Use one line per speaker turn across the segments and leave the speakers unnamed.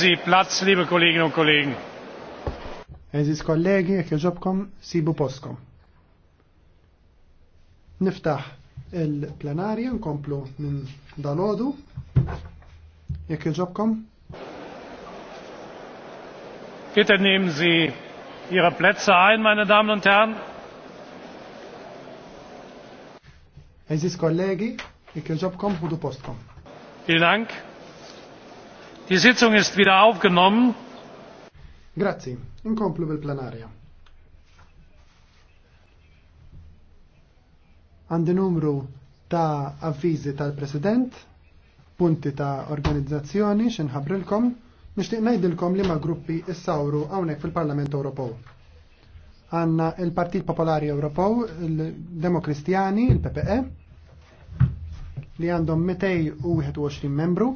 Sie Platz, liebe Kolleginnen und Kollegen. Eżis kollegi, jek joġobkom, sibu postkom. Niftaħ il-plenarja, nkomplu minn dalodu. Jek joġobkom. Bitte nehmen Sie Ihre Plätze ein, meine Damen und Herren. Eżis kollegi, jek joġobkom, hudu postkom. Vielen Dank. Die Sitzung ist wieder aufgenommen. Grazzi, inkomplu bil-plenarja. Għandi numru ta' avvizi tal-President, punti ta' organizzazzjoni xinħabrilkom, nishtiq najdilkom li ma' gruppi issawru għawnek fil-Parlament Ewropew. Għanna il-Partit Popolari Ewropew, il-Demokristjani, il-PPE, li għandhom 221 membru,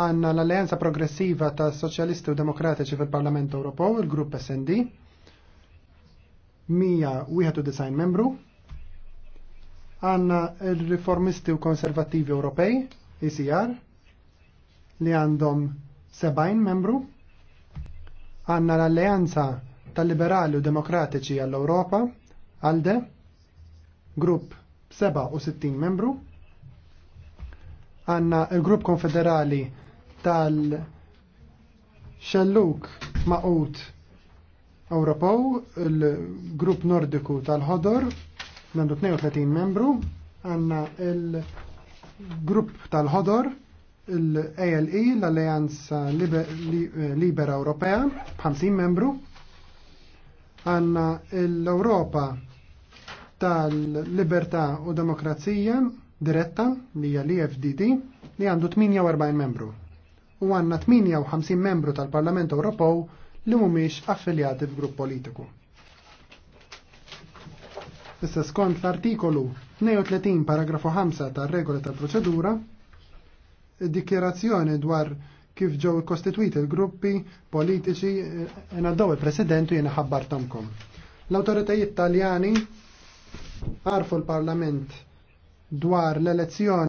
għanna l-Alleanza Progressiva ta' Soċjalisti u Demokratiċi fil-Parlament Ewropew, il-Grupp SND, 191 membru, għanna il-Riformisti u Konservativi Ewropej, ICR, e li għandhom 70 membru, għanna l-Alleanza ta' liberali u Demokratiċi għall-Europa, ALDE, grupp 67 membru, għanna il-Grupp Konfederali tal-xelluk maqut Ewropew, il-grupp nordiku tal-ħodor, għandu 32 membru, għanna il-grupp tal-ħodor, il ale l-Alleanza Libera Ewropea, 50 membru, għanna l-Europa tal-Libertà u Demokrazija diretta li hija l-EFDD li għandu 48 membru u għanna 58 membru tal-Parlament Ewropew li mhumiex affiljati f'grupp politiku. Issa skont l-artikolu 32 paragrafu 5 tar-regoli tal-proċedura, id-dikjerazzjoni dwar kif ġew ikkostitwiti l-gruppi politiċi eh, ngħaddew il-President u jiena ħabbartomkom. L-awtoritajiet Taljani għarfu l-Parlament dwar l-elezzjoni